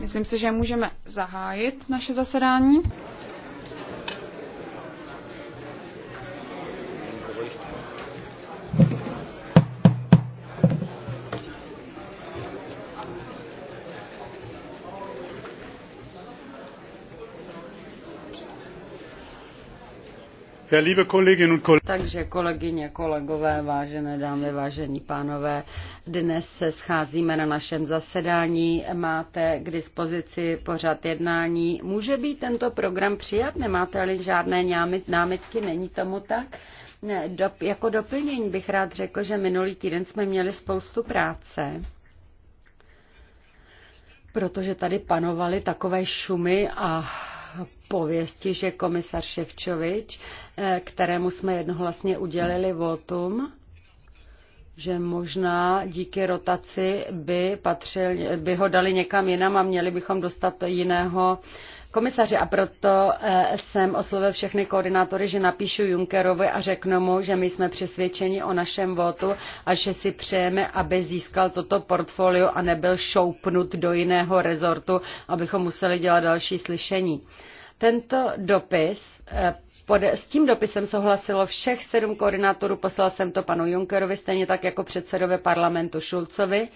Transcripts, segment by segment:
Myslím si, že můžeme zahájit naše zasedání. Takže kolegyně, kolegové, vážené dámy, vážení pánové, dnes se scházíme na našem zasedání. Máte k dispozici pořad jednání. Může být tento program přijat? nemáte ale žádné námitky? Není tomu tak? Ne, do, jako doplnění bych rád řekl, že minulý týden jsme měli spoustu práce protože tady panovaly takové šumy a pověsti, že komisař Ševčovič, eh, kterému jsme jednohlasně udělili votum, že možná díky rotaci by, patřil, by ho dali někam jinam a měli bychom dostat jiného komisaři a proto eh, jsem oslovil všechny koordinátory, že napíšu Junckerovi a řeknu mu, že my jsme přesvědčeni o našem votu a že si přejeme, aby získal toto portfolio a nebyl šoupnut do jiného rezortu, abychom museli dělat další slyšení. Tento dopis eh, s tím dopisem souhlasilo všech sedm koordinátorů, poslal jsem to panu Junckerovi, stejně tak jako předsedovi parlamentu Schulzovi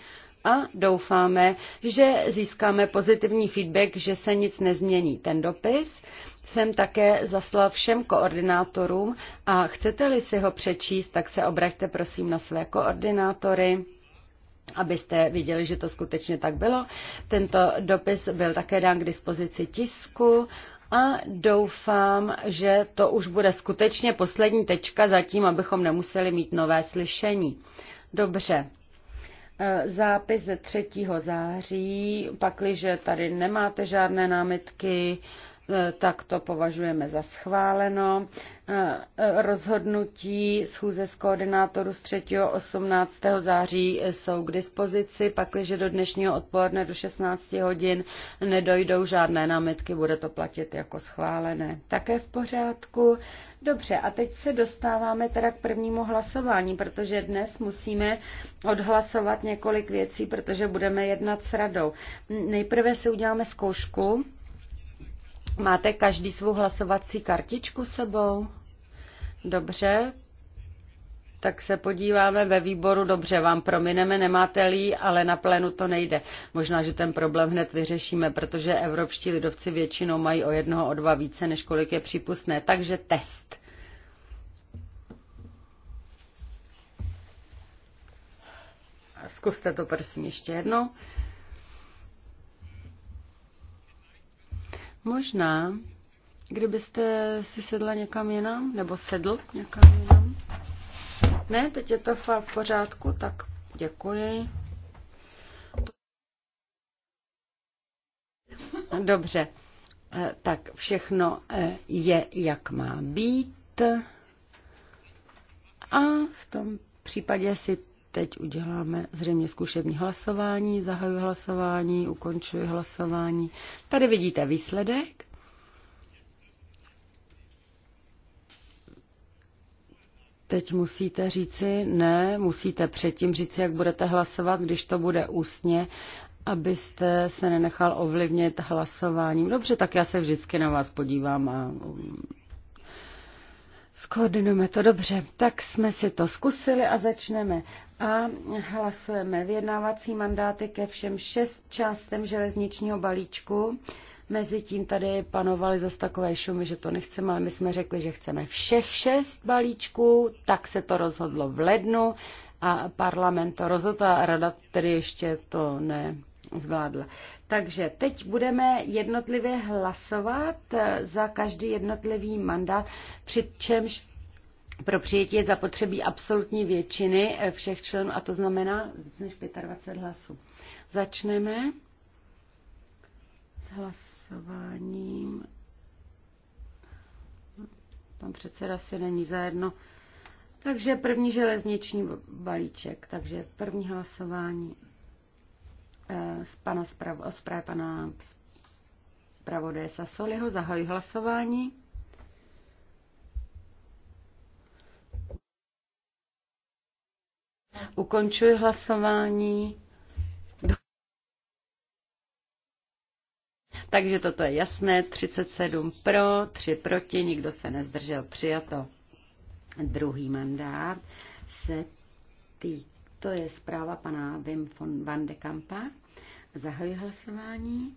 a doufáme, že získáme pozitivní feedback, že se nic nezmění. Ten dopis jsem také zaslal všem koordinátorům a chcete-li si ho přečíst, tak se obraťte prosím na své koordinátory abyste viděli, že to skutečně tak bylo. Tento dopis byl také dán k dispozici tisku a doufám, že to už bude skutečně poslední tečka zatím, abychom nemuseli mít nové slyšení. Dobře, E, zápis ze 3. září, pakliže tady nemáte žádné námitky, E, tak to považujeme za schváleno. E, rozhodnutí schůze z koordinátoru z 3. 18. září jsou k dispozici, pakliže do dnešního odpoledne do 16 hodin nedojdou žádné námitky, bude to platit jako schválené. Také v pořádku. Dobře, a teď se dostáváme teda k prvnímu hlasování, protože dnes musíme odhlasovat několik věcí, protože budeme jednat s radou. Nejprve si uděláme zkoušku Máte každý svou hlasovací kartičku sebou? Dobře, tak se podíváme ve výboru, dobře, vám promineme, nemáte lí, ale na plénu to nejde. Možná, že ten problém hned vyřešíme, protože evropští lidovci většinou mají o jednoho, o dva více, než kolik je přípustné. Takže test. Zkuste to prosím ještě jednou. Možná, kdybyste si sedla někam jinam, nebo sedl někam jinam. Ne, teď je to v pořádku, tak děkuji. Dobře, eh, tak všechno eh, je, jak má být. A v tom případě si Teď uděláme zřejmě zkušební hlasování, zahajuji hlasování, ukončuji hlasování. Tady vidíte výsledek. Teď musíte říci ne, musíte předtím říci, jak budete hlasovat, když to bude ústně, abyste se nenechal ovlivnit hlasováním. Dobře, tak já se vždycky na vás podívám a um, Skoordinujeme to dobře. Tak jsme si to zkusili a začneme. A hlasujeme vyjednávací mandáty ke všem šest částem železničního balíčku. Mezitím tady panovaly zase takové šumy, že to nechceme, ale my jsme řekli, že chceme všech šest balíčků, tak se to rozhodlo v lednu a parlament to rozhodl a rada tedy ještě to nezvládla. Takže teď budeme jednotlivě hlasovat eh, za každý jednotlivý mandát, přičemž pro přijetí je zapotřebí absolutní většiny eh, všech členů, a to znamená než 25 hlasů. Začneme s hlasováním. Pan předseda si není zajedno. Takže první železniční balíček, takže první hlasování Eh, z pana zpravo, zprávy pana zpravodaje Sasoliho. Zahajuji hlasování. Ukončuji hlasování. Takže toto je jasné, 37 pro, 3 proti, nikdo se nezdržel, přijato. Druhý mandát se týká to je zpráva pana Wim von van de Kampa. Zahajuji hlasování.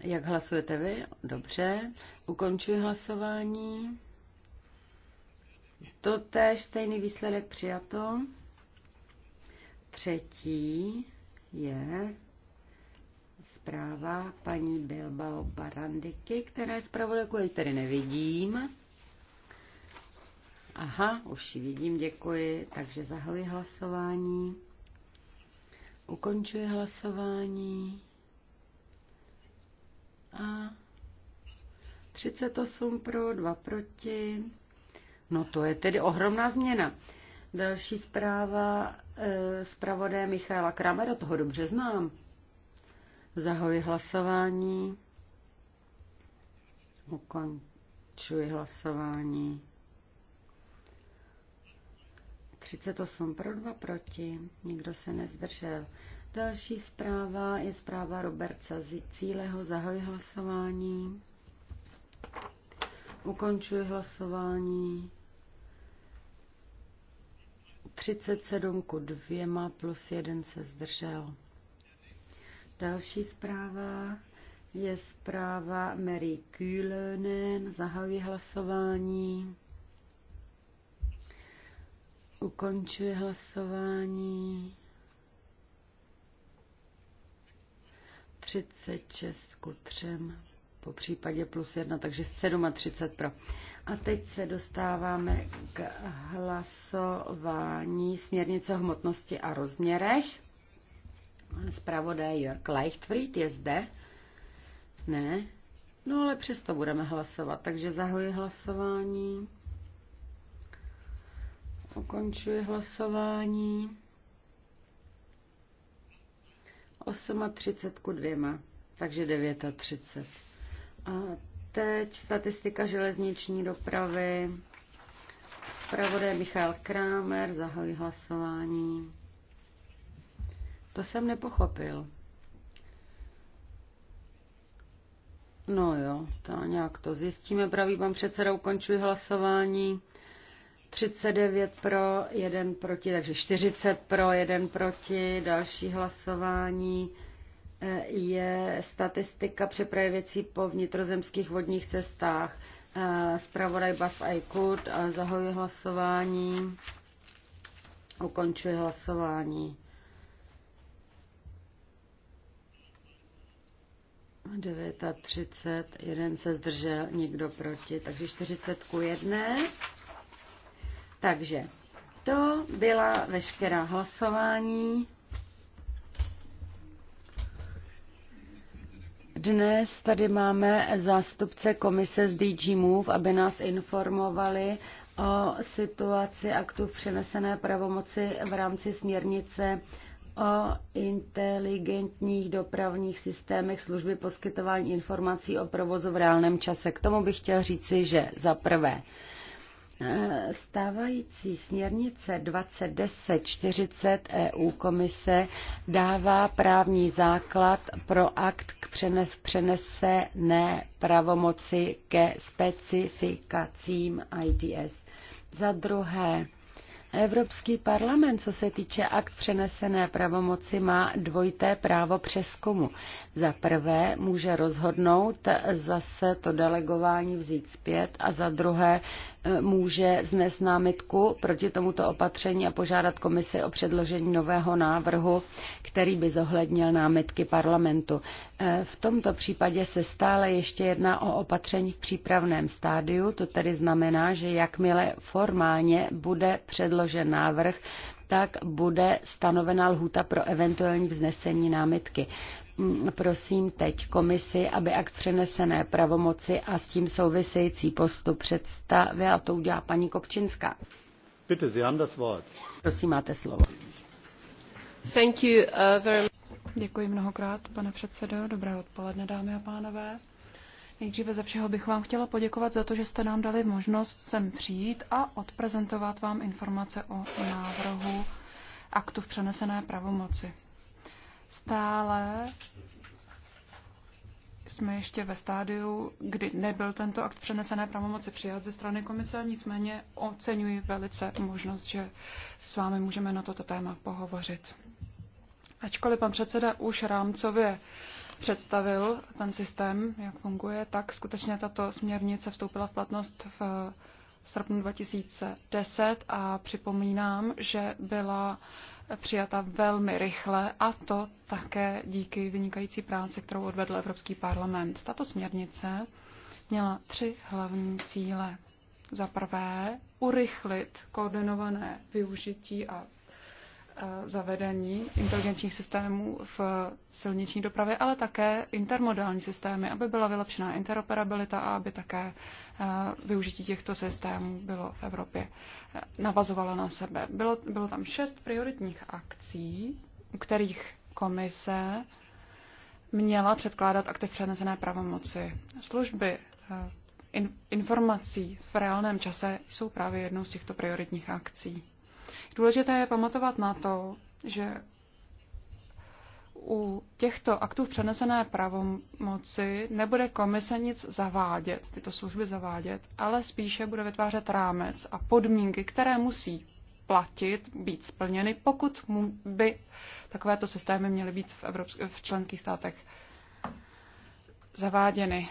Jak hlasujete vy? Dobře. Ukončuji hlasování. To též stejný výsledek přijato. Třetí je zpráva paní Bilbao Barandiky, která je zpravodajku, tady nevidím. Aha, už ji vidím, děkuji. Takže zahajuji hlasování. Ukončuji hlasování. A 38 pro, 2 proti. No to je tedy ohromná změna. Další zpráva e, zpravodé Michaela Kramera, toho dobře znám. Zahoji hlasování. Ukončuji hlasování. 38 pro 2 proti, nikdo se nezdržel. Další zpráva je zpráva Roberta Cíleho. Zahoj hlasování. Ukončuji hlasování. 37 ku 2 plus 1 se zdržel. Další zpráva je zpráva Mary Kühlönen. Zahoj hlasování. Ukončuji hlasování. 36 ku 3, po případě plus 1, takže 37 pro. A teď se dostáváme k hlasování směrnice o hmotnosti a rozměrech. Zpravodaj Jörg Leichtfried je zde. Ne? No ale přesto budeme hlasovat, takže zahoji hlasování. Ukončuji hlasování. 8,30 ku dvěma, takže 9,30. A teď statistika železniční dopravy. Pravodé Michal Krámer, zahoj hlasování. To jsem nepochopil. No jo, to nějak to zjistíme. Pravý pan předseda, ukončuji hlasování. 39 pro, 1 proti, takže 40 pro, 1 proti. Další hlasování eh, je statistika přepravy věcí po vnitrozemských vodních cestách. Eh, zpravodaj Bas Aykut a zahoji hlasování. Ukončuji hlasování. třicet, jeden se zdržel, nikdo proti, takže 40 ku 1. Takže to byla veškerá hlasování. Dnes tady máme zástupce komise z DG Move, aby nás informovali o situaci aktu v přenesené pravomoci v rámci směrnice o inteligentních dopravních systémech služby poskytování informací o provozu v reálném čase. K tomu bych chtěl říci, že za prvé Eh, stávající směrnice 2010-40 EU komise dává právní základ pro akt k přenes, přenesené pravomoci ke specifikacím IDS. Za druhé, Evropský parlament, co se týče akt přenesené pravomoci, má dvojité právo přeskumu. Za prvé může rozhodnout zase to delegování vzít zpět a za druhé může znést námitku proti tomuto opatření a požádat komisi o předložení nového návrhu, který by zohlednil námitky parlamentu. E, v tomto případě se stále ještě jedná o opatření v přípravném stádiu, to tedy znamená, že jakmile formálně bude předložen návrh, tak bude stanovena lhůta pro eventuální vznesení námitky. Mm, prosím teď komisi, aby akt přenesené pravomoci a s tím související postup představila. To udělá paní Kopčinská. Bitte, Sie haben das Wort. Prosím, máte slovo. Thank you, uh, very... Děkuji mnohokrát, pane předsedo. Dobré odpoledne, dámy a pánové. Nejdříve ze všeho bych vám chtěla poděkovat za to, že jste nám dali možnost sem přijít a odprezentovat vám informace o návrhu aktu v přenesené pravomoci stále jsme ještě ve stádiu, kdy nebyl tento akt přenesené pravomoci přijat ze strany komise, nicméně oceňuji velice možnost, že s vámi můžeme na toto téma pohovořit. Ačkoliv pan předseda už rámcově představil ten systém, jak funguje, tak skutečně tato směrnice vstoupila v platnost v srpnu 2010 a připomínám, že byla přijata velmi rychle a to také díky vynikající práci, kterou odvedl Evropský parlament. Tato směrnice měla tři hlavní cíle. Za prvé, urychlit koordinované využití a Eh, zavedení inteligentních systémů v silniční dopravě, ale také intermodální systémy, aby byla vylepšená interoperabilita a aby také eh, využití těchto systémů bylo v Evropě eh, navazovalo na sebe. Bylo, bylo tam šest prioritních akcí, u kterých komise měla předkládat akty přenesené pravomoci. Služby informací v reálném čase jsou právě jednou z těchto prioritních akcí. Důležité je pamatovat na to, že u těchto aktů přenesené pravomoci nebude komise nic zavádět, tyto služby zavádět, ale spíše bude vytvářet rámec a podmínky, které musí platit, být splněny, pokud by takovéto systémy měly být v, Evropsk- v členských státech zaváděny.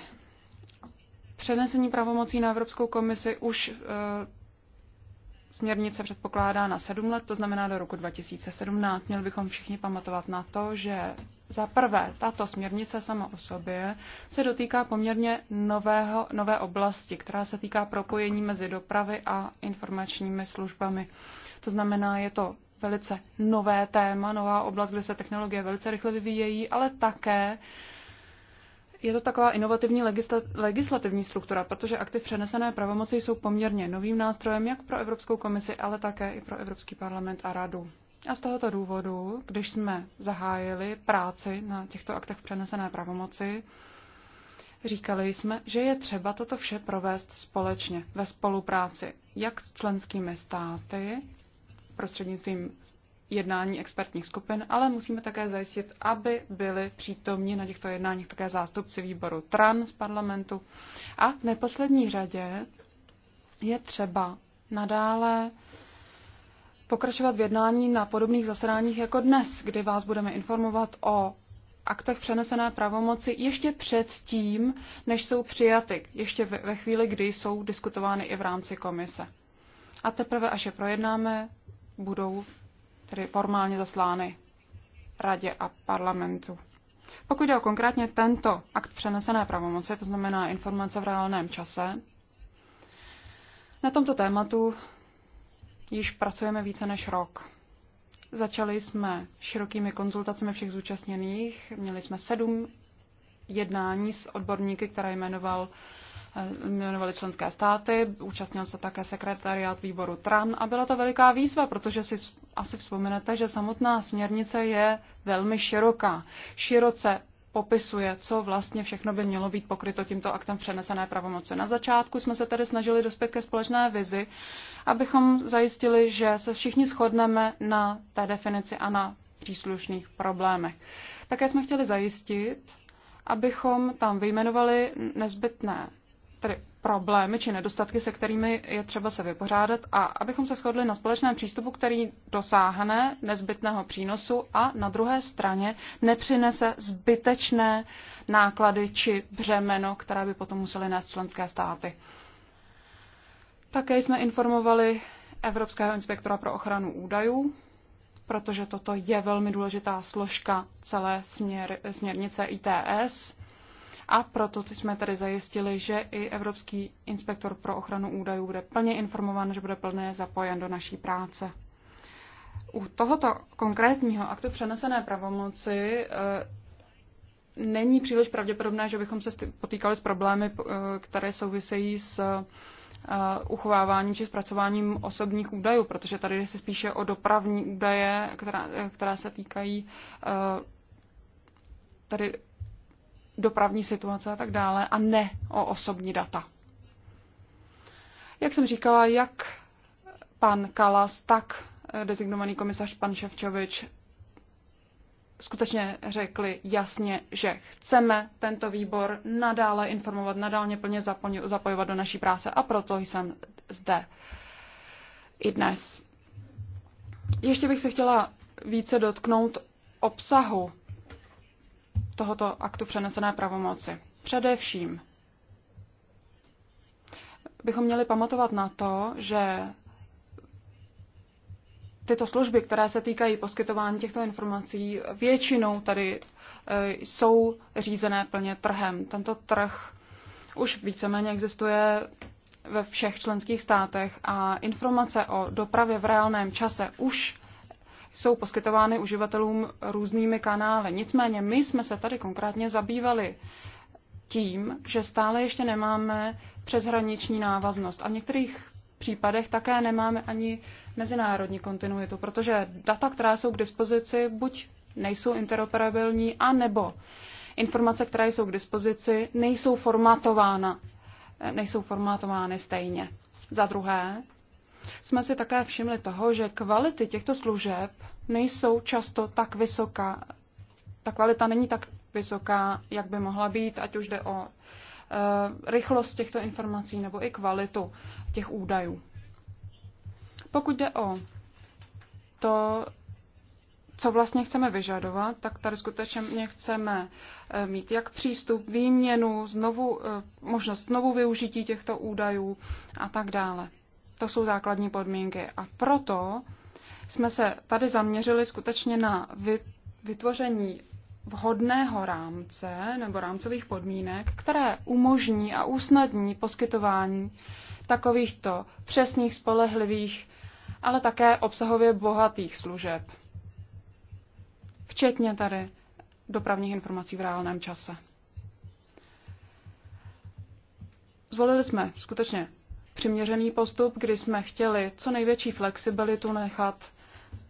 Přenesení pravomocí na Evropskou komisi už eh, Směrnice předpokládá na 7 let, to znamená do roku 2017. Měli bychom všichni pamatovat na to, že za prvé tato směrnice sama o sobě se dotýká poměrně nového, nové oblasti, která se týká propojení mezi dopravy a informačními službami. To znamená, je to velice nové téma, nová oblast, kde se technologie velice rychle vyvíjejí, ale také uh, je to taková inovativní legislativní struktura, protože v přenesené pravomoci jsou poměrně novým nástrojem jak pro Evropskou komisi, ale také i pro Evropský parlament a radu. A z tohoto důvodu, když jsme zahájili práci na těchto aktech přenesené pravomoci, říkali jsme, že je třeba toto vše provést společně, ve spolupráci, jak s členskými státy, prostřednictvím jednání expertních skupin, ale musíme také zajistit, aby byli přítomni na těchto jednáních také zástupci výboru TRAN z parlamentu. A v neposlední řadě je třeba nadále pokračovat v jednání na podobných zasedáních jako dnes, kdy vás budeme informovat o aktech přenesené pravomoci ještě před tím, než jsou přijaty, ještě ve chvíli, kdy jsou diskutovány i v rámci komise. A teprve, až je projednáme, budou tedy formálně zaslány radě a parlamentu. Pokud jde o konkrétně tento akt přenesené pravomoci, to znamená informace v reálném čase, na tomto tématu již pracujeme více než rok. Začali jsme širokými konzultacemi všech zúčastněných, měli jsme sedm jednání s odborníky, které jmenoval jmenovali členské státy, účastnil se také sekretariát výboru TRAN a byla to veliká výzva, protože si asi vzpomenete, že samotná směrnice je velmi široká. Široce popisuje, co vlastně všechno by mělo být pokryto tímto aktem přenesené pravomoci. Na začátku jsme se tedy snažili dospět ke společné vizi, abychom zajistili, že se všichni shodneme na té definici a na příslušných problémech. Také jsme chtěli zajistit, abychom tam vyjmenovali nezbytné tedy problémy či nedostatky, se kterými je třeba se vypořádat a abychom se shodli na společném přístupu, který dosáhne nezbytného přínosu a na druhé straně nepřinese zbytečné náklady či břemeno, které by potom musely nést členské státy. Také jsme informovali Evropského inspektora pro ochranu údajů, protože toto je velmi důležitá složka celé směr, směrnice ITS a proto jsme tady zajistili, že i Evropský inspektor pro ochranu údajů bude plně informován, že bude plně zapojen do naší práce. U tohoto konkrétního aktu přenesené pravomoci eh, není příliš pravděpodobné, že bychom se potýkali s problémy, eh, které souvisejí s eh, uchováváním či zpracováním osobních údajů, protože tady jde se spíše o dopravní údaje, která, která se týkají tady dopravní situace a tak dále, a ne o osobní data. Jak jsem říkala, jak pan Kalas, tak eh, designovaný komisař pan Ševčovič skutečně řekli jasně, že chceme tento výbor nadále informovat, nadále plně zapojovat do naší práce a proto jsem zde i dnes. Ještě bych se chtěla více dotknout obsahu tohoto aktu přenesené pravomoci. Především bychom měli pamatovat na to, že tyto služby, které se týkají poskytování těchto informací, většinou tady e, jsou řízené plně trhem. Tento trh už víceméně existuje ve všech členských státech a informace o dopravě v reálném čase už jsou poskytovány uživatelům různými kanály. Nicméně my jsme se tady konkrétně zabývali tím, že stále ještě nemáme přeshraniční návaznost a v některých případech také nemáme ani mezinárodní kontinuitu, protože data, která jsou k dispozici, buď nejsou interoperabilní, anebo informace, které jsou k dispozici, nejsou formatována, nejsou formátovány stejně. Za druhé, jsme si také všimli toho, že kvality těchto služeb nejsou často tak vysoká. Ta kvalita není tak vysoká, jak by mohla být, ať už jde o e, rychlost těchto informací nebo i kvalitu těch údajů. Pokud jde o to, co vlastně chceme vyžadovat, tak tady skutečně chceme e, mít jak přístup, výměnu, znovu, e, možnost znovu využití těchto údajů a tak dále. To jsou základní podmínky. A proto jsme se tady zaměřili skutečně na vytvoření vhodného rámce nebo rámcových podmínek, které umožní a usnadní poskytování takovýchto přesných, spolehlivých, ale také obsahově bohatých služeb. Včetně tady dopravních informací v reálném čase. Zvolili jsme skutečně přiměřený postup, kdy jsme chtěli co největší flexibilitu nechat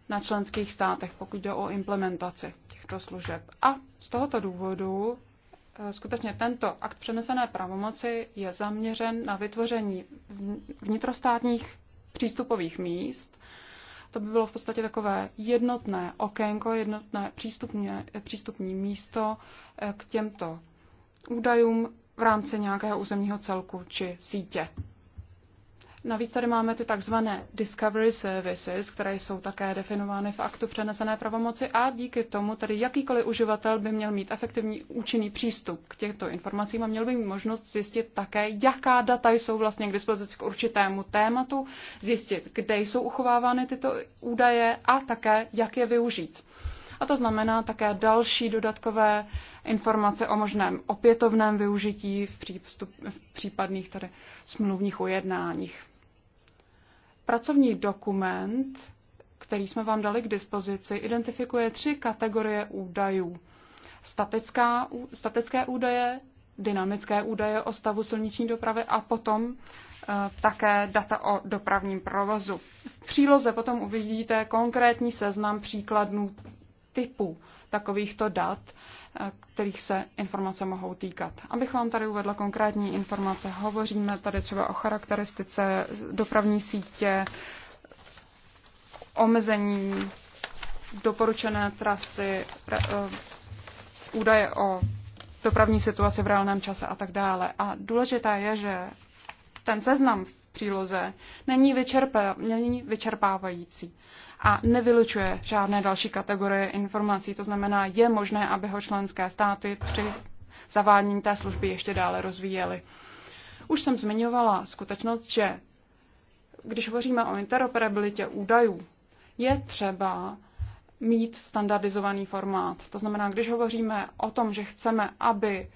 na členských státech, pokud jde o implementaci těchto služeb. A z tohoto důvodu eh, skutečně tento akt přenesené pravomoci je zaměřen na vytvoření vnitrostátních přístupových míst. To by bylo v podstatě takové jednotné okénko, jednotné přístupně, přístupní místo eh, k těmto údajům v rámci nějakého územního celku či sítě. Navíc tady máme ty takzvané discovery services, které jsou také definovány v aktu přenesené pravomoci a díky tomu tedy jakýkoliv uživatel by měl mít efektivní účinný přístup k těchto informacím a měl by mít možnost zjistit také, jaká data jsou vlastně k dispozici k určitému tématu, zjistit, kde jsou uchovávány tyto údaje a také, jak je využít. A to znamená také další dodatkové informace o možném opětovném využití v, přístup, v případných tady smluvních ujednáních. Pracovní dokument, který jsme vám dali k dispozici, identifikuje tři kategorie údajů. Statická, statické údaje, dynamické údaje o stavu silniční dopravy a potom e, také data o dopravním provozu. V příloze potom uvidíte konkrétní seznam příkladů typů takovýchto dat, eh, kterých se informace mohou týkat. Abych vám tady uvedla konkrétní informace, hovoříme tady třeba o charakteristice dopravní sítě, omezení doporučené trasy, eh, údaje o dopravní situaci v reálném čase a tak dále. A důležité je, že ten seznam příloze není, vyčerpá, není vyčerpávající a nevylučuje žádné další kategorie informací. To znamená, je možné, aby ho členské státy při zavádění té služby ještě dále rozvíjely. Už jsem zmiňovala skutečnost, že když hovoříme o interoperabilitě údajů, je třeba mít standardizovaný formát. To znamená, když hovoříme o tom, že chceme, aby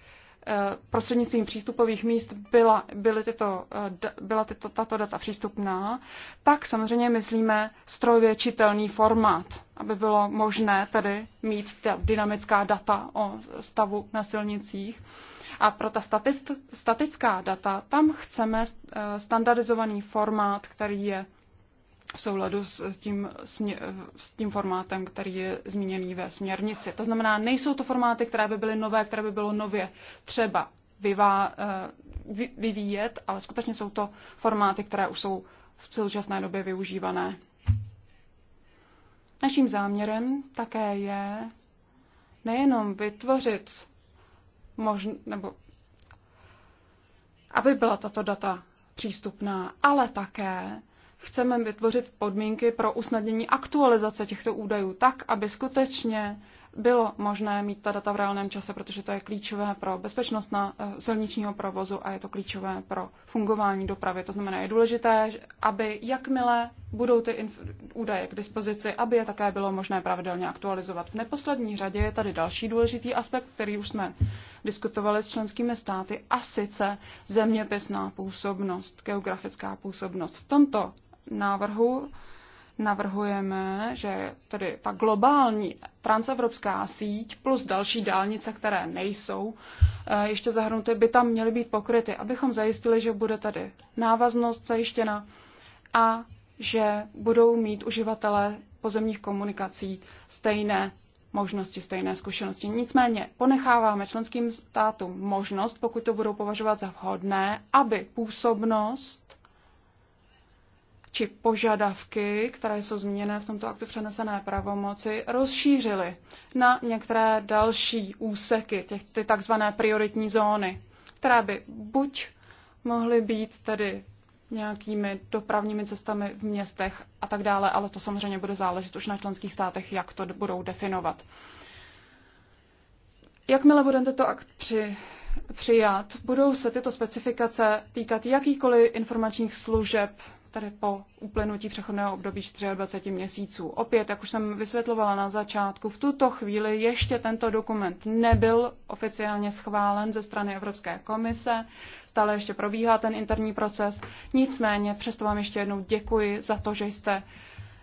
Eh, prostřednictvím přístupových míst byla, byly tyto, eh, byla tyto, tato data přístupná, tak samozřejmě myslíme strojově čitelný formát, aby bylo možné tady mít ta dynamická data o stavu na silnicích. A pro ta statist, statická data, tam chceme eh, standardizovaný formát, který je v souladu s tím, s tím formátem, který je zmíněný ve směrnici. To znamená, nejsou to formáty, které by byly nové, které by bylo nově třeba vyvá, eh, vyvíjet, ale skutečně jsou to formáty, které už jsou v současné době využívané. Naším záměrem také je nejenom vytvořit možn, nebo aby byla tato data přístupná, ale také chceme vytvořit podmínky pro usnadnění aktualizace těchto údajů tak, aby skutečně bylo možné mít ta data v reálném čase, protože to je klíčové pro bezpečnost na eh, silničního provozu a je to klíčové pro fungování dopravy. To znamená, je důležité, aby jakmile budou ty údaje k dispozici, aby je také bylo možné pravidelně aktualizovat. V neposlední řadě je tady další důležitý aspekt, který už jsme diskutovali s členskými státy, a sice zeměpisná působnost, geografická působnost. V tomto návrhu navrhujeme, že tedy ta globální transevropská síť plus další dálnice, které nejsou eh, ještě zahrnuty, by tam měly být pokryty, abychom zajistili, že bude tady návaznost zajištěna a že budou mít uživatelé pozemních komunikací stejné možnosti, stejné zkušenosti. Nicméně ponecháváme členským státům možnost, pokud to budou považovat za vhodné, aby působnost či požadavky, které jsou zmíněné v tomto aktu přenesené pravomoci, rozšířily na některé další úseky, těch, ty takzvané prioritní zóny, které by buď mohly být tedy nějakými dopravními cestami v městech a tak dále, ale to samozřejmě bude záležet už na členských státech, jak to budou definovat. Jakmile bude tento akt při, přijat, budou se tyto specifikace týkat jakýkoliv informačních služeb Tady po uplynutí přechodného období 24 měsíců. Opět, jak už jsem vysvětlovala na začátku, v tuto chvíli ještě tento dokument nebyl oficiálně schválen ze strany Evropské komise, stále ještě probíhá ten interní proces, nicméně přesto vám ještě jednou děkuji za to, že jste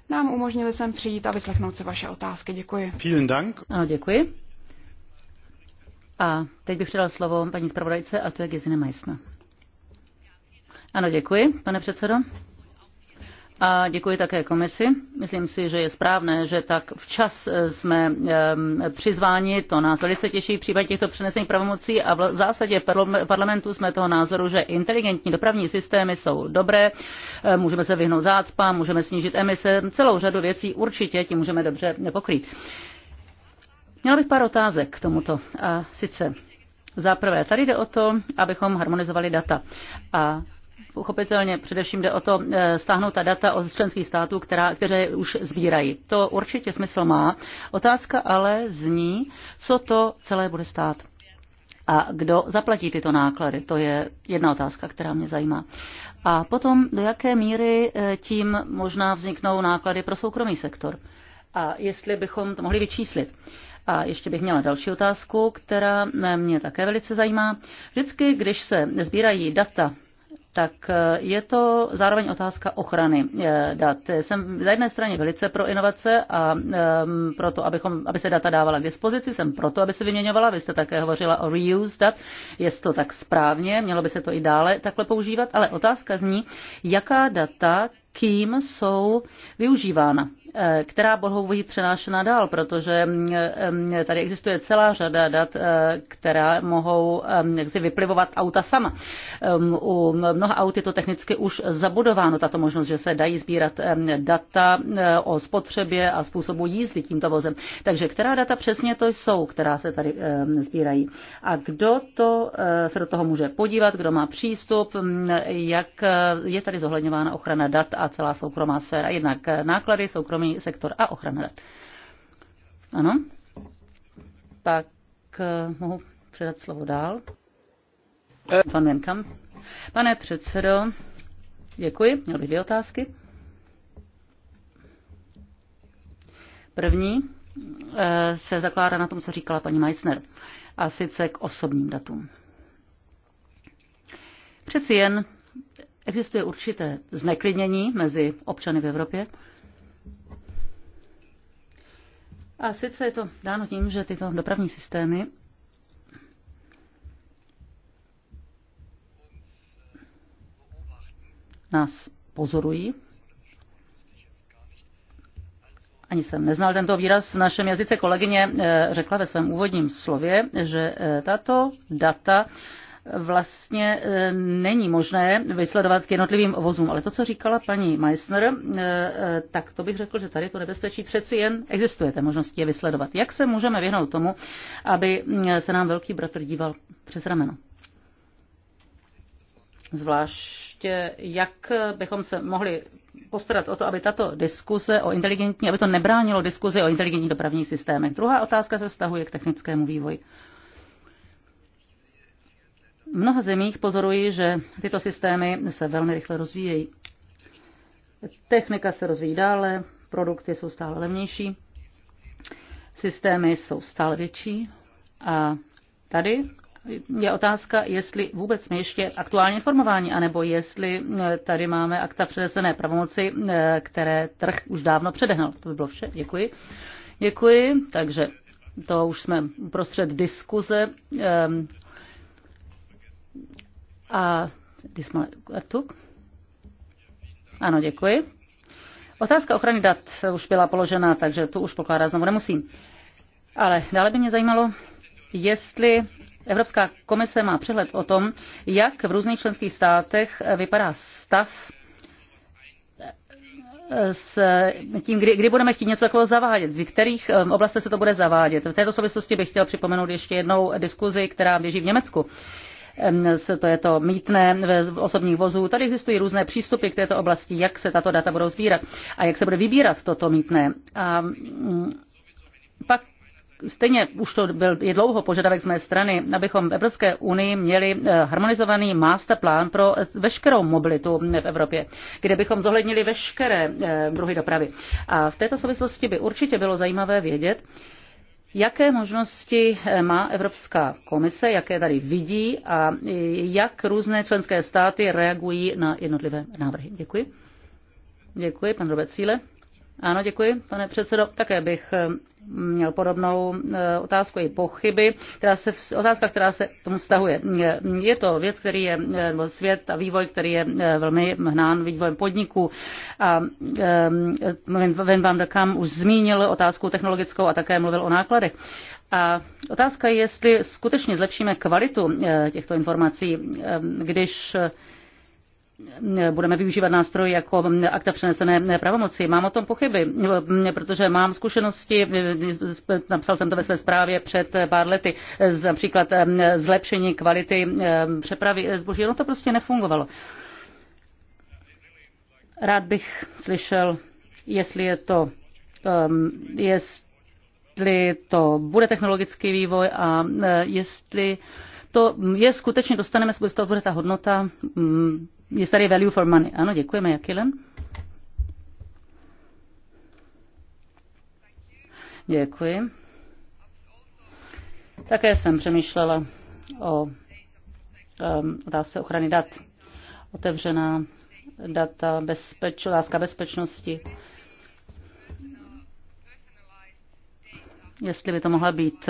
nám umožnili sem přijít a vyslechnout si vaše otázky. Děkuji. Vielen Dank. Ano, děkuji. A teď bych předal slovo paní zpravodajce a to je Gesine Meissner. Ano, děkuji, pane předsedo. A děkuji také komisi. Myslím si, že je správné, že tak včas eh, jsme eh, přizváni, to nás velice těší v případě těchto přenesených pravomocí a v zásadě parlamentu jsme toho názoru, že inteligentní dopravní systémy jsou dobré, eh, můžeme se vyhnout zácpám, můžeme snížit emise, celou řadu věcí určitě tím můžeme dobře pokrýt. Měla bych pár otázek k tomuto. A sice za prvé, tady jde o to, abychom harmonizovali data. A pochopitelně především jde o to eh, stáhnout ta data od členských států, která, které už sbírají. To určitě smysl má. Otázka ale zní, co to celé bude stát. A kdo zaplatí tyto náklady? To je jedna otázka, která mě zajímá. A potom, do jaké míry eh, tím možná vzniknou náklady pro soukromý sektor? A jestli bychom to mohli vyčíslit? A ještě bych měla další otázku, která eh, mě také velice zajímá. Vždycky, když se sbírají data tak eh, je to zároveň otázka ochrany eh, dat. Jsem na jedné straně velice pro inovace a ehm, proto, abychom, aby se data dávala k dispozici, jsem proto, aby se vyměňovala. Vy jste také hovořila o reuse dat, Je to tak správně, mělo by se to i dále takhle používat, ale otázka zní, jaká data kým jsou využívána Eh, která mohou být přenášena dál, protože mm, mm, tady existuje celá řada dat, eh, která mohou eh, jaksi vyplivovat auta sama. Ehm, u mnoha aut je to technicky už zabudováno, tato možnost, že se dají sbírat ehm, data o spotřebě a způsobu jízdy tímto vozem. Takže která data přesně to jsou, která se tady ehm, sbírají? A kdo to se do toho může podívat, kdo má přístup, mm, jak je tady zohledňována ochrana dat a celá soukromá sféra. Jednak náklady, soukromí soukromý sektor a ochrana dat. Ano? Pak eh, mohu předat slovo dál. Pan eh. Venkam. Pane předsedo, děkuji. Měl bych dvě otázky. První eh, se zakládá na tom, co říkala paní Meissner, a sice k osobním datům. Přeci jen existuje určité zneklidnění mezi občany v Evropě, a sice je to dáno tím, že tyto dopravní systémy nás pozorují. Ani jsem neznal tento výraz v našem jazyce. Kolegyně eh, řekla ve svém úvodním slově, že eh, tato data vlastně e, není možné vysledovat k jednotlivým vozům. Ale to, co říkala paní Meissner, e, e, tak to bych řekl, že tady to nebezpečí přeci jen existuje, té možnosti je vysledovat. Jak se můžeme vyhnout tomu, aby se nám velký bratr díval přes rameno? Zvláště, jak bychom se mohli postarat o to, aby tato diskuse o inteligentní, aby to nebránilo diskuzi o inteligentních dopravních systémech. Druhá otázka se vztahuje k technickému vývoji. V mnoha zemích pozorují, že tyto systémy se velmi rychle rozvíjejí. Technika se rozvíjí dále, produkty jsou stále levnější, systémy jsou stále větší a tady je otázka, jestli vůbec jsme ještě aktuálně informováni, anebo jestli eh, tady máme akta přenesené pravomoci, eh, které trh už dávno předehnal. To by bylo vše. Děkuji. Děkuji. Takže to už jsme prostřed diskuze ehm, a tu? Ano, děkuji. Otázka ochrany dat už byla položena, takže tu už pokládat znovu nemusím. Ale dále by mě zajímalo, jestli Evropská komise má přehled o tom, jak v různých členských státech vypadá stav eh, s tím, kdy, kdy budeme chtít něco takového zavádět, v kterých eh, oblastech se to bude zavádět. V této souvislosti bych chtěl připomenout ještě jednou diskuzi, která běží v Německu to je to mítné osobních vozů. Tady existují různé přístupy k této oblasti, jak se tato data budou sbírat a jak se bude vybírat toto mítné. A mm, pak Stejně už to byl je dlouho požadavek z mé strany, abychom v Evropské unii měli eh, harmonizovaný masterplán plán pro eh, veškerou mobilitu mm, v Evropě, kde bychom zohlednili veškeré eh, druhy dopravy. A v této souvislosti by určitě bylo zajímavé vědět, Jaké možnosti eh, má Evropská komise, jaké tady vidí a jak různé členské státy reagují na jednotlivé návrhy? Děkuji. Děkuji, pan Robert Cíle. Ano, děkuji, pane předsedo. Také bych eh, měl podobnou e, otázku i pochyby, která se, otázka, která se tomu vztahuje. Je to věc, který je, e, nebo svět a vývoj, který je e, velmi hnán vývojem podniků. A Ven van der Kam už zmínil otázku technologickou a také mluvil o nákladech. A otázka je, jestli skutečně zlepšíme kvalitu těchto informací, když budeme využívat nástroj jako akta přenesené pravomoci. Mám o tom pochyby, protože mám zkušenosti, napsal jsem to ve své zprávě před pár lety, například zlepšení kvality přepravy zboží. No to prostě nefungovalo. Rád bych slyšel, jestli je to, jestli to bude technologický vývoj a jestli to je skutečně, dostaneme se, to bude ta hodnota, je tady value for money. Ano, děkujeme, Jakilen. Děkuji. Také jsem přemýšlela o um, otázce ochrany dat. Otevřená data, bezpeč, otázka bezpečnosti. Jestli by to mohla být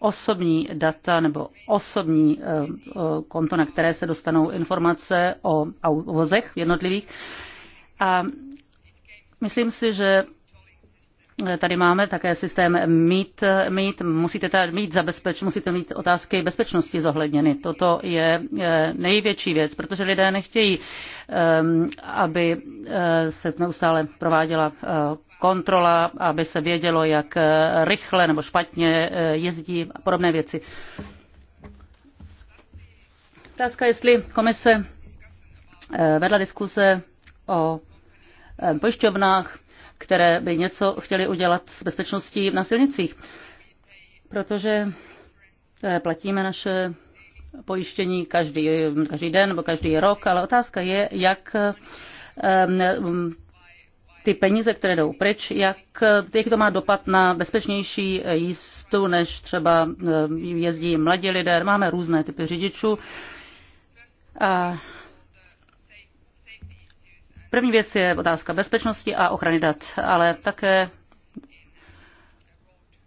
osobní data nebo osobní eh, eh, konto, na které se dostanou informace o vozech jednotlivých. A myslím si, že eh, Tady máme také systém mít, mít musíte tady mít zabezpeč, musíte mít otázky bezpečnosti zohledněny. Toto je největší věc, protože lidé nechtějí, ehm, aby se neustále prováděla kontrola, aby se vědělo, jak eh, rychle nebo špatně eh, jezdí a podobné věci. Otázka, jestli komise eh, vedla diskuse o pojišťovnách, které by něco chtěly udělat s bezpečností na silnicích, protože platíme naše pojištění každý, každý den nebo každý rok, ale otázka je, jak ty peníze, které jdou pryč, jak, jak to má dopad na bezpečnější jízdu, než třeba eh, jezdí mladí lidé. Máme různé typy řidičů. A první věc je otázka bezpečnosti a ochrany dat, ale také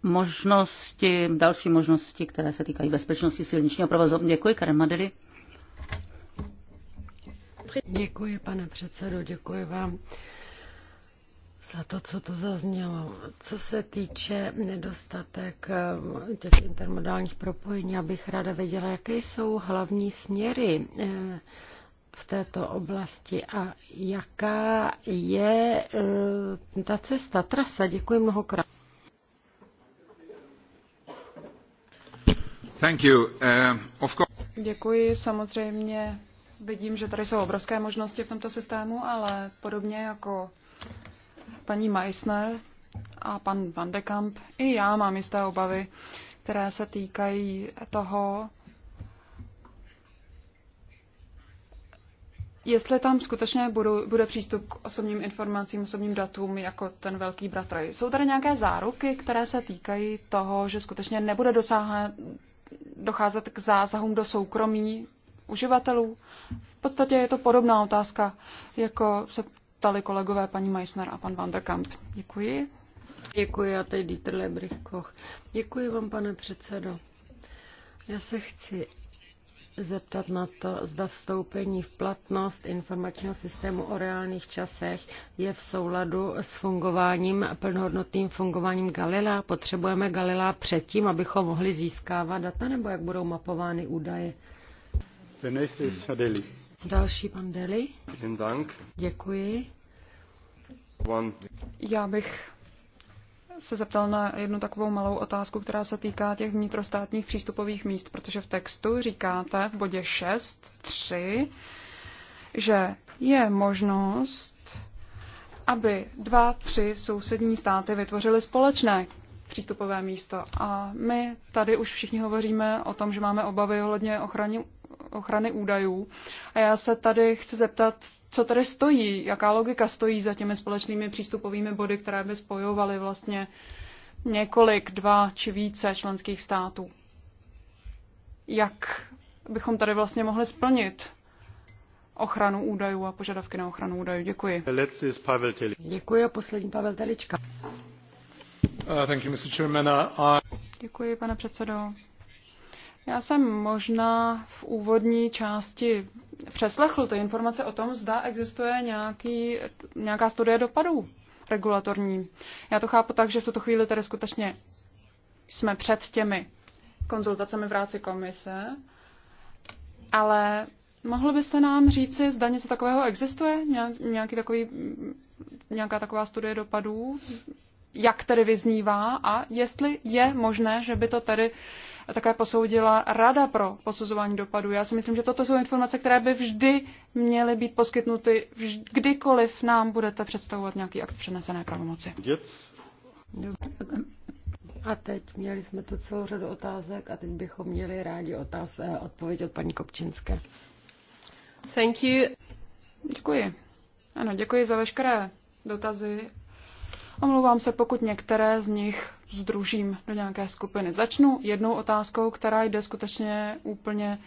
možnosti, další možnosti, které se týkají bezpečnosti silničního provozu. Děkuji, Karen Madely. Děkuji, pane předsedo, děkuji vám za to, co to zaznělo. Co se týče nedostatek eh, těch intermodálních propojení, abych ráda věděla, jaké jsou hlavní směry eh, v této oblasti a jaká je eh, ta cesta, trasa. Děkuji mnohokrát. Thank you. Uh, of course. Děkuji. Samozřejmě vidím, že tady jsou obrovské možnosti v tomto systému, ale podobně jako paní Meissner a pan Van de Kamp, i já mám jisté obavy, které se týkají toho, jestli tam skutečně budu, bude přístup k osobním informacím, osobním datům jako ten velký bratr. Jsou tady nějaké záruky, které se týkají toho, že skutečně nebude dosáhat, docházet k zásahům do soukromí uživatelů? V podstatě je to podobná otázka, jako se ptali kolegové paní Meissner a pan Vanderkamp. Děkuji. Děkuji a teď Dieter Lebrich Koch. Děkuji vám, pane předsedo. Já se chci zeptat na to, zda vstoupení v platnost informačního systému o reálných časech je v souladu s fungováním, plnohodnotným fungováním Galila. Potřebujeme Galila předtím, abychom mohli získávat data, nebo jak budou mapovány údaje? Další pan Deli. Děkuji. Já bych se zeptal na jednu takovou malou otázku, která se týká těch vnitrostátních přístupových míst, protože v textu říkáte v bodě 6.3, že je možnost, aby dva, tři sousední státy vytvořily společné přístupové místo. A my tady už všichni hovoříme o tom, že máme obavy ohledně ochrany ochrany údajů. A já se tady chci zeptat, co tady stojí, jaká logika stojí za těmi společnými přístupovými body, které by spojovaly vlastně několik, dva či více členských států. Jak bychom tady vlastně mohli splnit ochranu údajů a požadavky na ochranu údajů. Děkuji. Děkuji a poslední Pavel Telička. Uh, uh, Děkuji, pane předsedo. Já jsem možná v úvodní části přeslechl ty informace o tom, zda existuje nějaký, nějaká studie dopadů regulatorní. Já to chápu tak, že v tuto chvíli tedy skutečně jsme před těmi konzultacemi v rámci komise, ale mohl byste nám říci, zda něco takového existuje? Nějaký takový, nějaká taková studie dopadů? Jak tedy vyznívá a jestli je možné, že by to tedy také posoudila Rada pro posuzování dopadů. Já si myslím, že toto jsou informace, které by vždy měly být poskytnuty, vždy, kdykoliv nám budete představovat nějaký akt přenesené pravomoci. A teď měli jsme tu celou řadu otázek a teď bychom měli rádi otáz, eh, odpověď od paní Kopčinské. Thank you. Děkuji. Ano, děkuji za veškeré dotazy. Omlouvám se, pokud některé z nich združím do nějaké skupiny. Začnu jednou otázkou, která jde skutečně úplně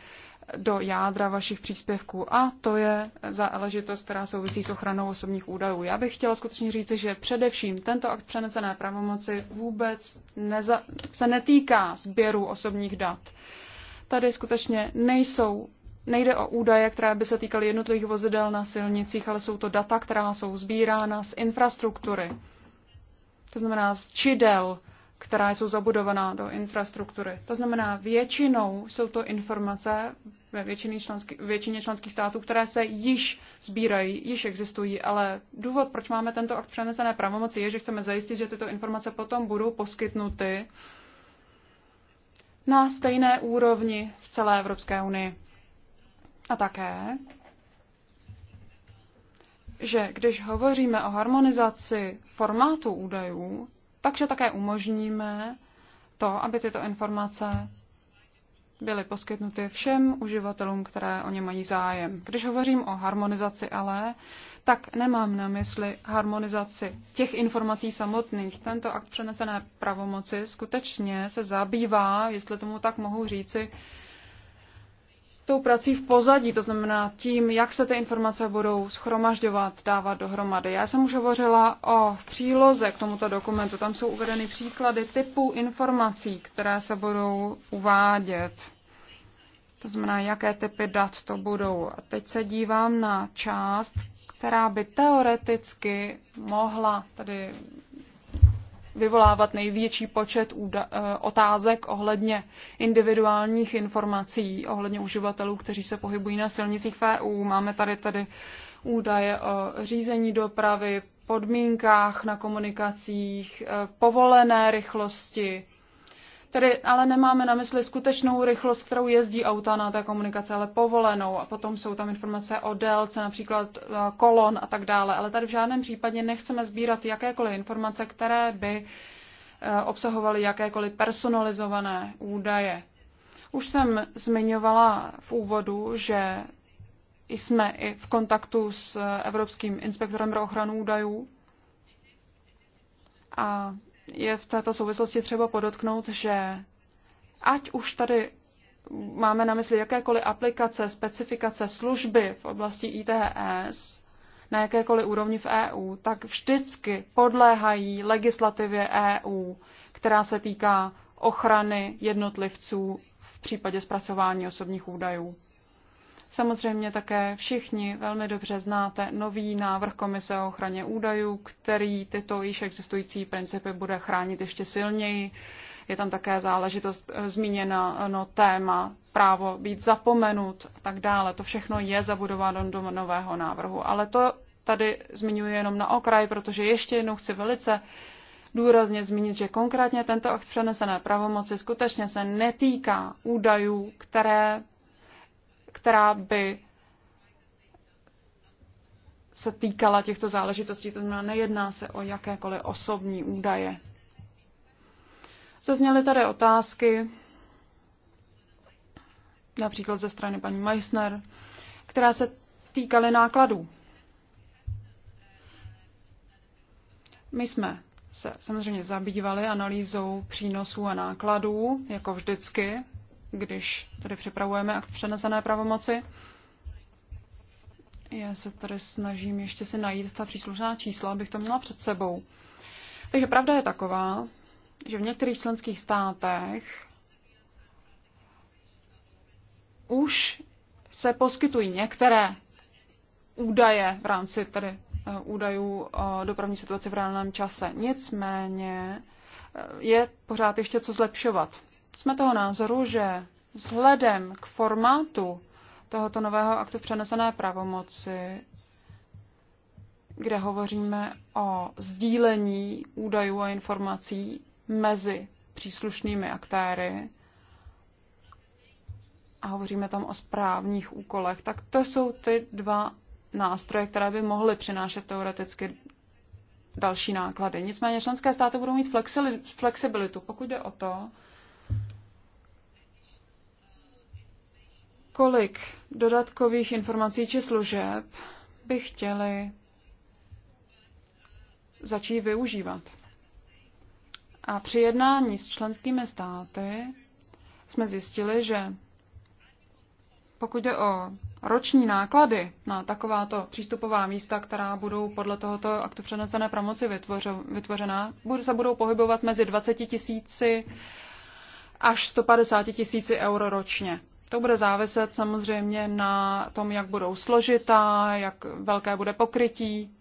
do jádra vašich příspěvků a to je záležitost, která souvisí s ochranou osobních údajů. Já bych chtěla skutečně říci, že především tento akt přenesené pravomoci vůbec neza- se netýká sběru osobních dat. Tady skutečně nejsou Nejde o údaje, které by se týkaly jednotlivých vozidel na silnicích, ale jsou to data, která jsou sbírána z infrastruktury. To znamená z čidel, která jsou zabudovaná do infrastruktury. To znamená, většinou jsou to informace ve většině, členský, většině členských států, které se již sbírají, již existují, ale důvod, proč máme tento akt přenesené pravomoci, je, že chceme zajistit, že tyto informace potom budou poskytnuty na stejné úrovni v celé Evropské unii. A také, že když hovoříme o harmonizaci formátu údajů, takže také umožníme to, aby tyto informace byly poskytnuty všem uživatelům, které o ně mají zájem. Když hovořím o harmonizaci ale, tak nemám na mysli harmonizaci těch informací samotných. Tento akt přenesené pravomoci skutečně se zabývá, jestli tomu tak mohu říci, tou prací v pozadí, to znamená tím, jak se ty informace budou schromažďovat, dávat dohromady. Já jsem už hovořila o příloze k tomuto dokumentu. Tam jsou uvedeny příklady typů informací, které se budou uvádět. To znamená, jaké typy dat to budou. A teď se dívám na část, která by teoreticky mohla tady vyvolávat největší počet eh, otázek ohledně individuálních informací, ohledně uživatelů, kteří se pohybují na silnicích VU. E Máme tady tady údaje o řízení dopravy, podmínkách na komunikacích, eh, povolené rychlosti, Tedy ale nemáme na mysli skutečnou rychlost, kterou jezdí auta na té komunikace, ale povolenou. A potom jsou tam informace o délce, například eh, kolon a tak dále. Ale tady v žádném případě nechceme sbírat jakékoliv informace, které by eh, obsahovaly jakékoliv personalizované údaje. Už jsem zmiňovala v úvodu, že jsme i v kontaktu s eh, Evropským inspektorem pro ochranu údajů a je v této souvislosti třeba podotknout, že ať už tady máme na mysli jakékoliv aplikace, specifikace, služby v oblasti ITS na jakékoliv úrovni v EU, tak vždycky podléhají legislativě EU, která se týká ochrany jednotlivců v případě zpracování osobních údajů. Samozřejmě také všichni velmi dobře znáte nový návrh Komise o ochraně údajů, který tyto již existující principy bude chránit ještě silněji. Je tam také záležitost eh, zmíněna no, téma právo být zapomenut a tak dále. To všechno je zabudováno do nového návrhu. Ale to tady zmiňuji jenom na okraj, protože ještě jednou chci velice důrazně zmínit, že konkrétně tento akt přenesené pravomoci skutečně se netýká údajů, které která by se týkala těchto záležitostí, to znamená, nejedná se o jakékoliv osobní údaje. Zazněly tady otázky, například ze strany paní Meissner, která se týkaly nákladů. My jsme se samozřejmě zabývali analýzou přínosů a nákladů, jako vždycky, když tady připravujeme akt přenesené pravomoci. Já se tady snažím ještě si najít ta příslušná čísla, abych to měla před sebou. Takže pravda je taková, že v některých členských státech už se poskytují některé údaje v rámci tedy eh, údajů o dopravní situaci v reálném čase. Nicméně eh, je pořád ještě co zlepšovat jsme toho názoru, že vzhledem k formátu tohoto nového aktu přenesené pravomoci, kde hovoříme o sdílení údajů a informací mezi příslušnými aktéry, a hovoříme tam o správních úkolech, tak to jsou ty dva nástroje, které by mohly přinášet teoreticky další náklady. Nicméně členské státy budou mít flexibilitu, pokud jde o to, kolik dodatkových informací či služeb by chtěli začít využívat. A při jednání s členskými státy jsme zjistili, že pokud jde o roční náklady na takováto přístupová místa, která budou podle tohoto aktu přenesené pravomoci vytvořena, se budou pohybovat mezi 20 tisíci až 150 tisíci euro ročně. To bude záviset samozřejmě na tom, jak budou složitá, jak velké bude pokrytí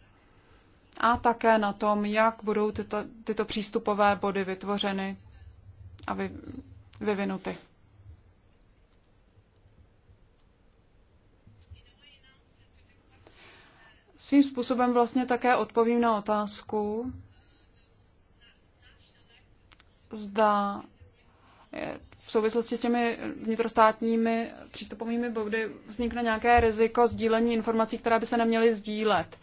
a také na tom, jak budou tyto, tyto přístupové body vytvořeny a vy, vyvinuty. Svým způsobem vlastně také odpovím na otázku, zda v souvislosti s těmi vnitrostátními přístupovými body vznikne nějaké riziko sdílení informací, která by se neměly sdílet.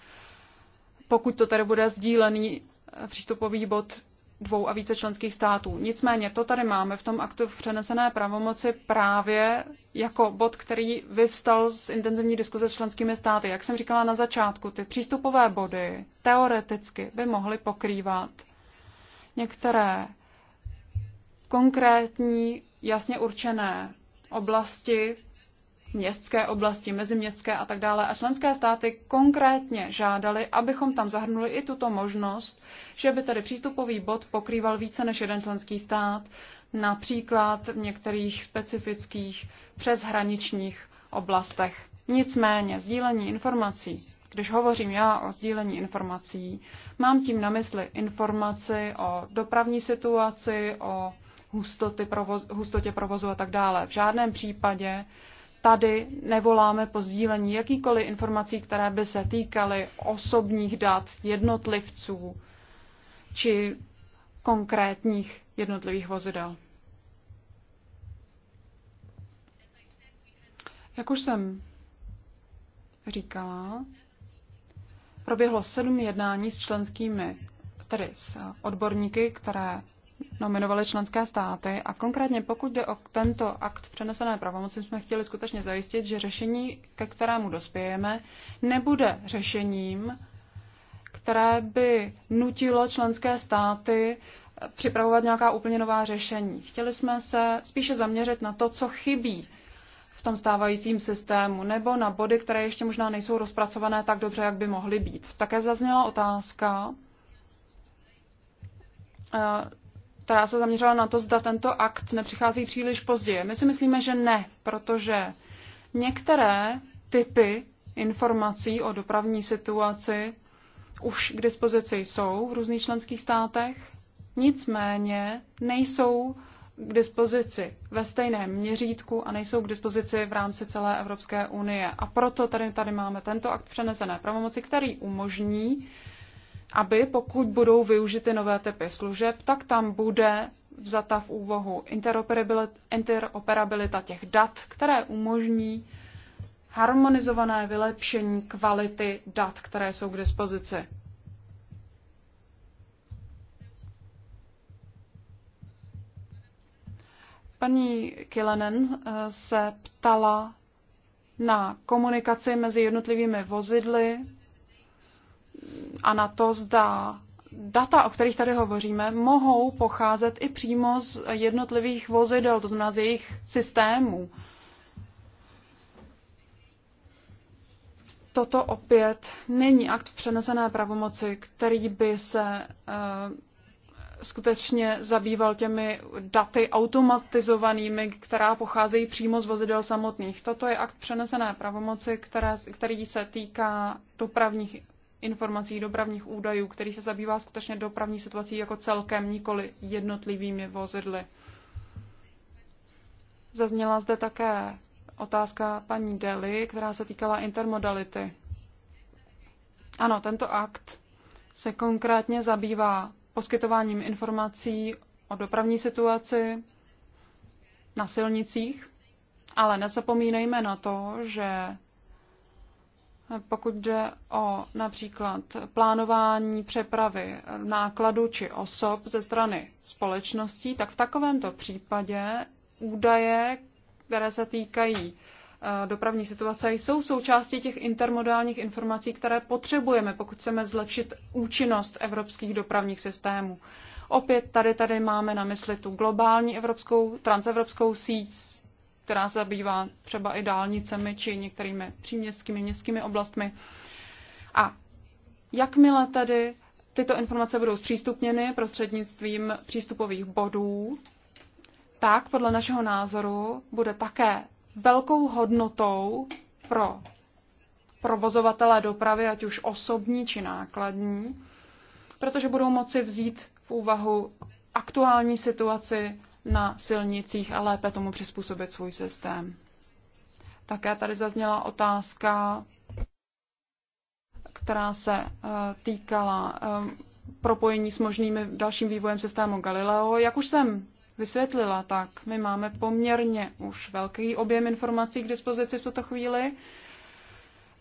Pokud to tedy bude sdílený eh, přístupový bod dvou a více členských států. Nicméně to tady máme v tom aktu v přenesené pravomoci právě jako bod, který vyvstal z intenzivní diskuze s členskými státy. Jak jsem říkala na začátku, ty přístupové body teoreticky by mohly pokrývat některé konkrétní jasně určené oblasti, městské oblasti, meziměstské a tak dále. A členské státy konkrétně žádali, abychom tam zahrnuli i tuto možnost, že by tedy přístupový bod pokrýval více než jeden členský stát, například v některých specifických přeshraničních oblastech. Nicméně sdílení informací, když hovořím já o sdílení informací, mám tím na mysli informaci o dopravní situaci, o hustoty provoz, hustotě provozu a tak dále. V žádném případě tady nevoláme po sdílení jakýkoliv informací, které by se týkaly osobních dat jednotlivců či konkrétních jednotlivých vozidel. Jak už jsem říkala, proběhlo sedm jednání s členskými, tedy s odborníky, které nominovaly členské státy a konkrétně pokud jde o tento akt přenesené pravomoci, jsme chtěli skutečně zajistit, že řešení, ke kterému dospějeme, nebude řešením, které by nutilo členské státy připravovat nějaká úplně nová řešení. Chtěli jsme se spíše zaměřit na to, co chybí v tom stávajícím systému, nebo na body, které ještě možná nejsou rozpracované tak dobře, jak by mohly být. Také zazněla otázka, která se zaměřila na to, zda tento akt nepřichází příliš pozdě. My si myslíme, že ne, protože některé typy informací o dopravní situaci už k dispozici jsou v různých členských státech, nicméně nejsou k dispozici ve stejném měřítku a nejsou k dispozici v rámci celé Evropské unie. A proto tady, tady máme tento akt přenesené pravomoci, který umožní aby pokud budou využity nové typy služeb, tak tam bude vzata v úvahu interoperabilita těch dat, které umožní harmonizované vylepšení kvality dat, které jsou k dispozici. Paní Kilenen eh, se ptala na komunikaci mezi jednotlivými vozidly a na to, zda data, o kterých tady hovoříme, mohou pocházet i přímo z jednotlivých vozidel, to znamená z jejich systémů. Toto opět není akt v přenesené pravomoci, který by se eh, skutečně zabýval těmi daty automatizovanými, která pocházejí přímo z vozidel samotných. Toto je akt přenesené pravomoci, které, který se týká dopravních informací, dopravních údajů, který se zabývá skutečně dopravní situací jako celkem, nikoli jednotlivými vozidly. Zazněla zde také otázka paní Deli, která se týkala intermodality. Ano, tento akt se konkrétně zabývá poskytováním informací o dopravní situaci na silnicích, ale nezapomínejme na to, že pokud jde o například plánování přepravy nákladu či osob ze strany společností, tak v takovémto případě údaje, které se týkají e, dopravní situace, jsou součástí těch intermodálních informací, které potřebujeme, pokud chceme zlepšit účinnost evropských dopravních systémů. Opět tady, tady máme na mysli tu globální evropskou, transevropskou síť která se zabývá třeba i dálnicemi či některými příměstskými městskými oblastmi. A jakmile tedy tyto informace budou zpřístupněny prostřednictvím přístupových bodů, tak podle našeho názoru bude také velkou hodnotou pro provozovatele dopravy, ať už osobní či nákladní, protože budou moci vzít v úvahu aktuální situaci na silnicích a lépe tomu přizpůsobit svůj systém. Také tady zazněla otázka, která se eh, týkala eh, propojení s možným dalším vývojem systému Galileo. Jak už jsem vysvětlila, tak my máme poměrně už velký objem informací k dispozici v tuto chvíli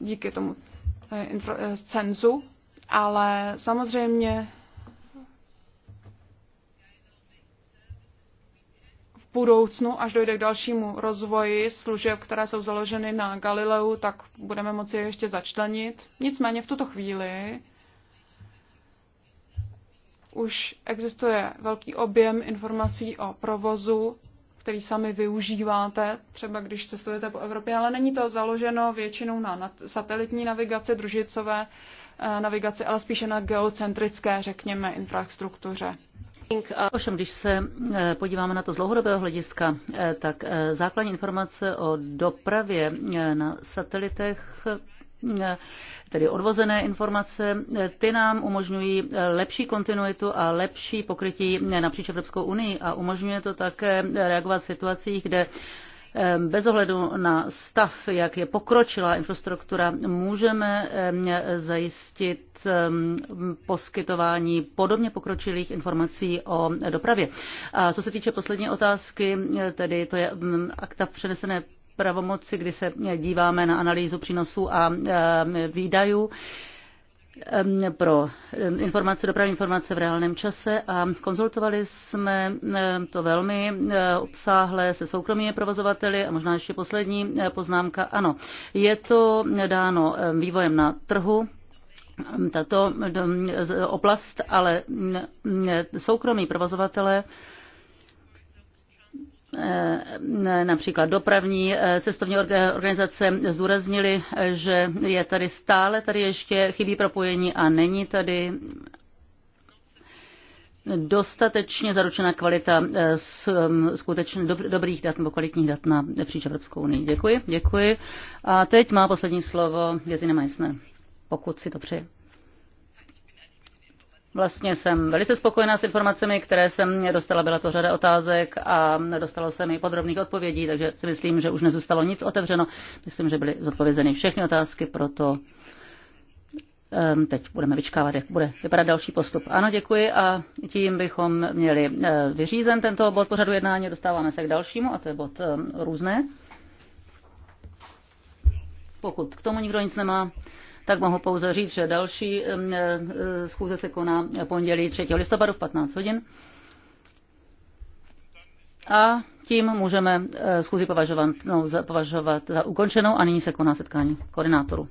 díky tomu eh, cenzu, ale samozřejmě budoucnu, až dojde k dalšímu rozvoji služeb, které jsou založeny na Galileu, tak budeme moci je ještě začlenit. Nicméně v tuto chvíli už existuje velký objem informací o provozu, který sami využíváte, třeba když cestujete po Evropě, ale není to založeno většinou na satelitní navigaci, družicové eh, navigaci, ale spíše na geocentrické, řekněme, infrastruktuře. Ovšem, když se eh, podíváme na to z dlouhodobého hlediska, eh, tak eh, základní informace o dopravě na satelitech tedy odvozené informace, ty nám umožňují lepší kontinuitu a lepší pokrytí napříč Evropskou unii a umožňuje to také reagovat v situacích, kde Ehm, bez ohledu na stav, jak je pokročilá infrastruktura, můžeme ehm, zajistit ehm, poskytování podobně pokročilých informací o dopravě. A co se týče poslední otázky, eh, tedy to je mm, akta přenesené pravomoci, kdy se eh, díváme na analýzu přínosů a výdajů pro informace, dopravní informace v reálném čase a konzultovali jsme to velmi obsáhle se soukromými provozovateli a možná ještě poslední poznámka. Ano, je to dáno vývojem na trhu, tato oblast, ale soukromí provozovatele Eh, například dopravní eh, cestovní organizace zdůraznili, že je tady stále, tady ještě chybí propojení a není tady dostatečně zaručená kvalita z eh, mm, skutečně dobrých dat nebo kvalitních dat na příč Evropskou unii. Děkuji, děkuji. A teď má poslední slovo Jezina Meissner, pokud si to přeje. Vlastně jsem velice spokojená s informacemi, které jsem dostala. Byla to řada otázek a nedostalo se mi podrobných odpovědí, takže si myslím, že už nezůstalo nic otevřeno. Myslím, že byly zodpovězeny všechny otázky, proto ehm, teď budeme vyčkávat, jak bude vypadat další postup. Ano, děkuji a tím bychom měli eh, vyřízen tento bod pořadu jednání. Dostáváme se k dalšímu a to je bod ehm, různé. Pokud k tomu nikdo nic nemá, tak mohu pouze říct, že další e, e, schůze se koná pondělí 3. listopadu v 15 hodin. A tím můžeme e, schůzi považovat, no, považovat za ukončenou a nyní se koná setkání koordinátorů.